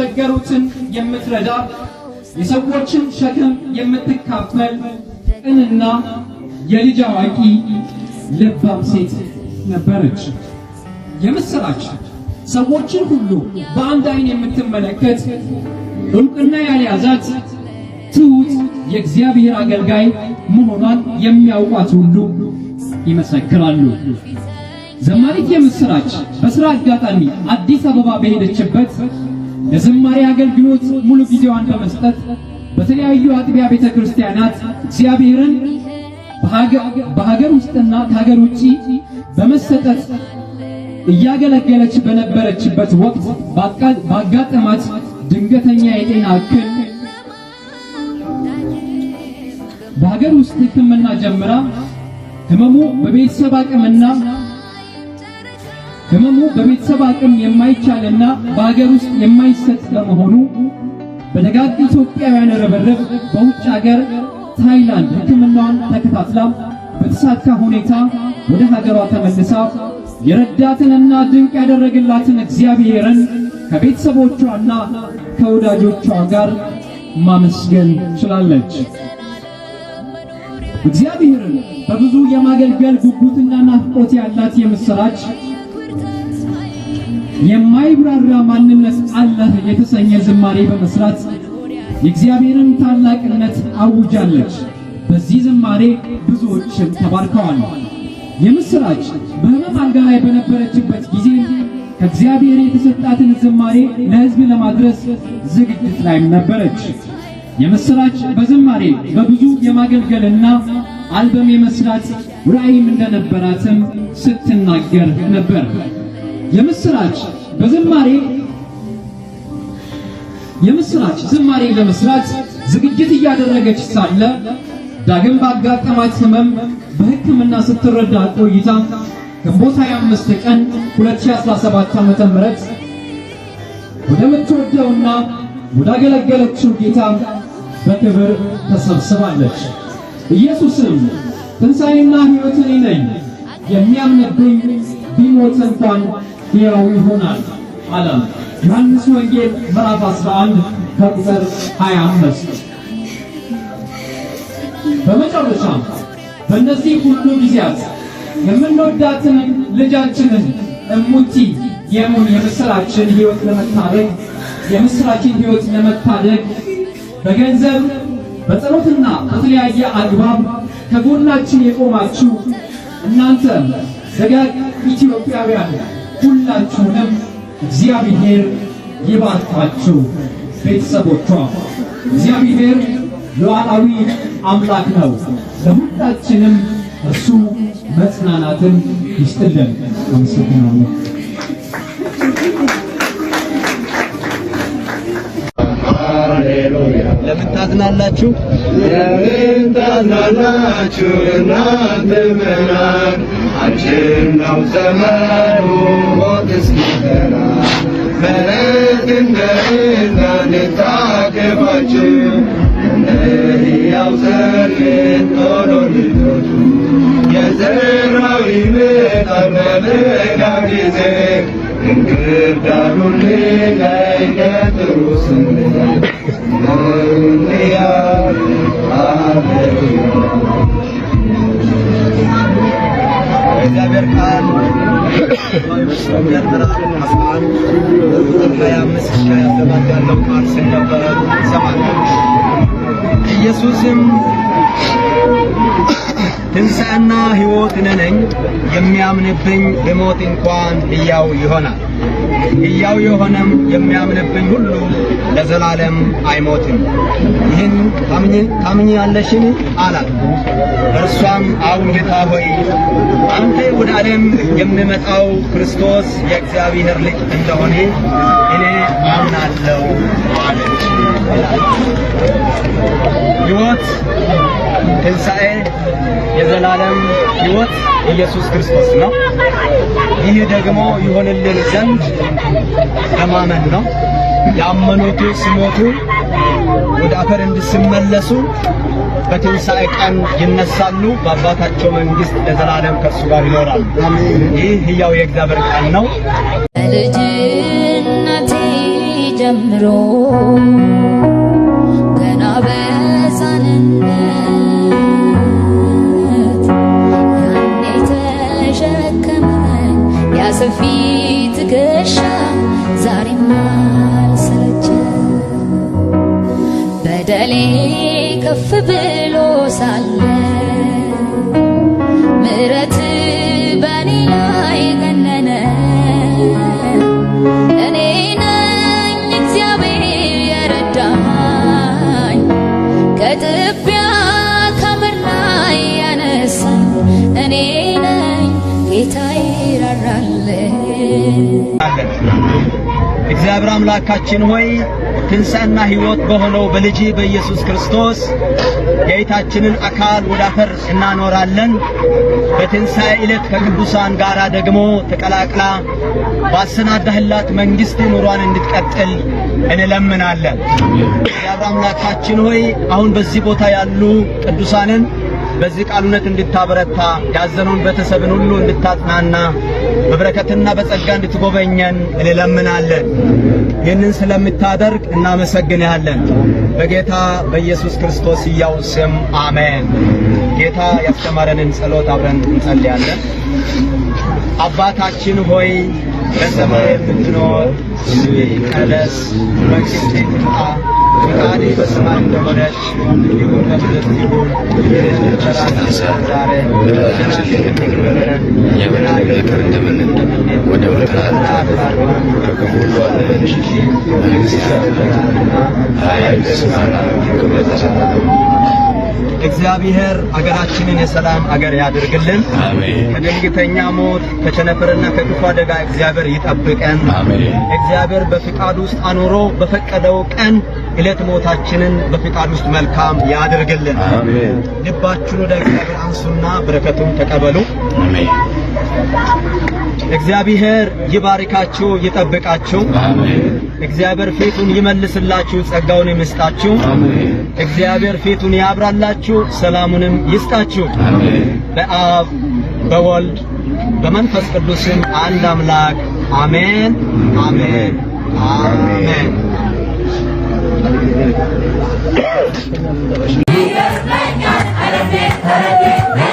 የተቸገሩትን የምትረዳ የሰዎችን ሸክም የምትካፈል ቅንና የልጅ አዋቂ ልባም ሴት ነበረች። የምስራች ሰዎችን ሁሉ በአንድ አይን የምትመለከት እውቅና ያልያዛት ትሁት የእግዚአብሔር አገልጋይ መሆኗን የሚያውቋት ሁሉ ይመሰክራሉ። ዘማሪት የምስራች በስራ አጋጣሚ አዲስ አበባ በሄደችበት ለዝማሬ አገልግሎት ሙሉ ጊዜዋን በመስጠት በተለያዩ አጥቢያ ቤተ ክርስቲያናት እግዚአብሔርን በሀገር ውስጥና ከሀገር ውጭ በመሰጠት እያገለገለች በነበረችበት ወቅት ባጋጠማት ድንገተኛ የጤና እክል በሀገር ውስጥ ሕክምና ጀምራ ህመሙ በቤተሰብ አቅምና ህመሙ በቤተሰብ አቅም የማይቻልና በአገር ውስጥ የማይሰጥ በመሆኑ በደጋግ ኢትዮጵያውያን ርብርብ በውጭ አገር ታይላንድ ህክምናዋን ተከታትላ በተሳካ ሁኔታ ወደ ሀገሯ ተመልሳ የረዳትንና ድንቅ ያደረግላትን እግዚአብሔርን ከቤተሰቦቿና ከወዳጆቿ ጋር ማመስገን ችላለች። እግዚአብሔርን በብዙ የማገልገል ጉጉትና ናፍቆት ያላት የምሥራች የማይብራራ ማንነት አለህ የተሰኘ ዝማሬ በመስራት የእግዚአብሔርን ታላቅነት አውጃለች። በዚህ ዝማሬ ብዙዎችም ተባርከዋል። የምስራች በህመም አልጋ ላይ በነበረችበት ጊዜ ከእግዚአብሔር የተሰጣትን ዝማሬ ለሕዝብ ለማድረስ ዝግጅት ላይም ነበረች። የምስራች በዝማሬ በብዙ የማገልገልና አልበም የመስራት ራዕይም እንደነበራትም ስትናገር ነበር። የምስራች በዝማሬ የምስራች ዝማሬ ለመስራት ዝግጅት እያደረገች ሳለ ዳግም ባጋጠማት ህመም በሕክምና ስትረዳ ቆይታ ግንቦት 25 ቀን 2017 ዓመተ ምህረት ወደ ምትወደውና ወዳገለገለችው ጌታ በክብር ተሰብስባለች። ኢየሱስም ትንሣኤና ሕይወት እኔ ነኝ፣ የሚያምንብኝ ቢሞት እንኳን ሕያው ይሆናል አለ። ዮሐንስ ወንጌል ምዕራፍ 11 ከቁጥር 25። በመጨረሻም በእነዚህ ሁሉ ጊዜያት የምንወዳትን ልጃችንን እሙቲ የሙን የምስራችን ሕይወት ለመታደግ የምስራችን ሕይወት ለመታደግ በገንዘብ በጸሎትና በተለያየ አግባብ ከጎናችን የቆማችሁ እናንተ ዘጋግ ኢትዮጵያውያን ሁላችሁንም እግዚአብሔር ይባርካችሁ። ቤተሰቦቿ እግዚአብሔር ሉዓላዊ አምላክ ነው። ለሁላችንም እሱ መጽናናትን ይስጥልን። አመሰግናለሁ። ታዝናላችሁ። ለምን ታዝናላችሁ? እናንተ ምናን አንቺን ነው ዘመኑ ሞት እስኪገና መሬት እንደ እንዳን እንደህያው እንደ ቶሎ ሊቶቱ የዘራዊ ምጣር በመጋ ጊዜ እንክርዳዱን ላይ ቀጥሩ ስንት ኢየሱስም ትንሣኤና ሕይወት ነነኝ የሚያምንብኝ ቢሞት እንኳን ሕያው ይሆናል፣ ሕያው የሆነም የሚያምንብኝ ሁሉ ለዘላለም አይሞትም። ይህን ታምኛለሽን? አላት። እርሷም አዎን ጌታ ሆይ አንተ ወደ ዓለም የምመጣው ክርስቶስ የእግዚአብሔር ልጅ እንደሆነ እኔ አምናለሁ አለች። ሕይወት ትንሣኤ የዘላለም ሕይወት ኢየሱስ ክርስቶስ ነው። ይህ ደግሞ ይሆንልን ዘንድ ለማመን ነው። ያመኑቱ ሲሞቱ ወደ አፈር እንድስመለሱ በትንሣኤ ቀን ይነሳሉ። በአባታቸው መንግሥት ለዘላለም ከእሱ ጋር ይኖራሉ። ይህ ሕያው የእግዚአብሔር ቃል ነው። ጀምሮ ገና ከፍ ብሎ ሳለ ምሕረት በእኔ ላይ ገነነ። እኔ ነኝ እግዚአብሔር የረዳኝ ከጥቢያ ከምድር ላይ ያነሳኝ እኔ ነኝ ጌታ ይራራል እግዚአብሔር አምላካችን ሆይ ትንሣኤና ሕይወት በሆነው በልጅ በኢየሱስ ክርስቶስ የጌታችንን አካል ወደ አፈር እናኖራለን። በትንሣኤ ዕለት ከቅዱሳን ጋር ደግሞ ተቀላቅላ ባሰናዳህላት መንግሥት ኑሯን እንድትቀጥል እንለምናለን። እግዚአብሔር አምላካችን ሆይ አሁን በዚህ ቦታ ያሉ ቅዱሳንን በዚህ ቃል እውነት እንድታበረታ ያዘነውን ቤተሰብን ሁሉ እንድታጽናና በበረከትና በጸጋ እንድትጎበኘን እንለምናለን። ይህንን ስለምታደርግ እናመሰግንሃለን። በጌታ በኢየሱስ ክርስቶስ ሕያው ስም አሜን። ጌታ ያስተማረንን ጸሎት አብረን እንጸልያለን። አባታችን ሆይ በሰማይ የምትኖር ስምህ ይቀደስ፣ መንግሥትህ ትምጣ ፈቃዴ በሰማይ እንደሆነች እንዲሁ በምድር ይሁን። ይህንን እንጀራችንን ስጠን ዛሬ፣ እኛም እንደምንበድል እንደምንበድል፣ ወደ ፈተና አታግባን፣ ከክፉ ሁሉ አድነን እንጂ እግዚአብሔር ኃይል ስማና ክብር ተሰጠን። እግዚአብሔር አገራችንን የሰላም አገር ያድርግልን። ከድንገተኛ ሞት ከቸነፈርና ከክፉ አደጋ እግዚአብሔር ይጠብቀን። እግዚአብሔር በፍቃድ ውስጥ አኑሮ በፈቀደው ቀን ዕለት ሞታችንን በፍቃድ ውስጥ መልካም ያድርግልን። ልባችሁን ወደ እግዚአብሔር አንሱና በረከቱን ተቀበሉ። እግዚአብሔር ይባርካችሁ፣ ይጠብቃችሁ። እግዚአብሔር ፊቱን ይመልስላችሁ፣ ጸጋውን ይመስጣችሁ። እግዚአብሔር ፊቱን ያብራላችሁ፣ ሰላሙንም ይስጣችሁ። በአብ በወልድ በመንፈስ ቅዱስም አንድ አምላክ አሜን፣ አሜን፣ አሜን። ይመስለኛል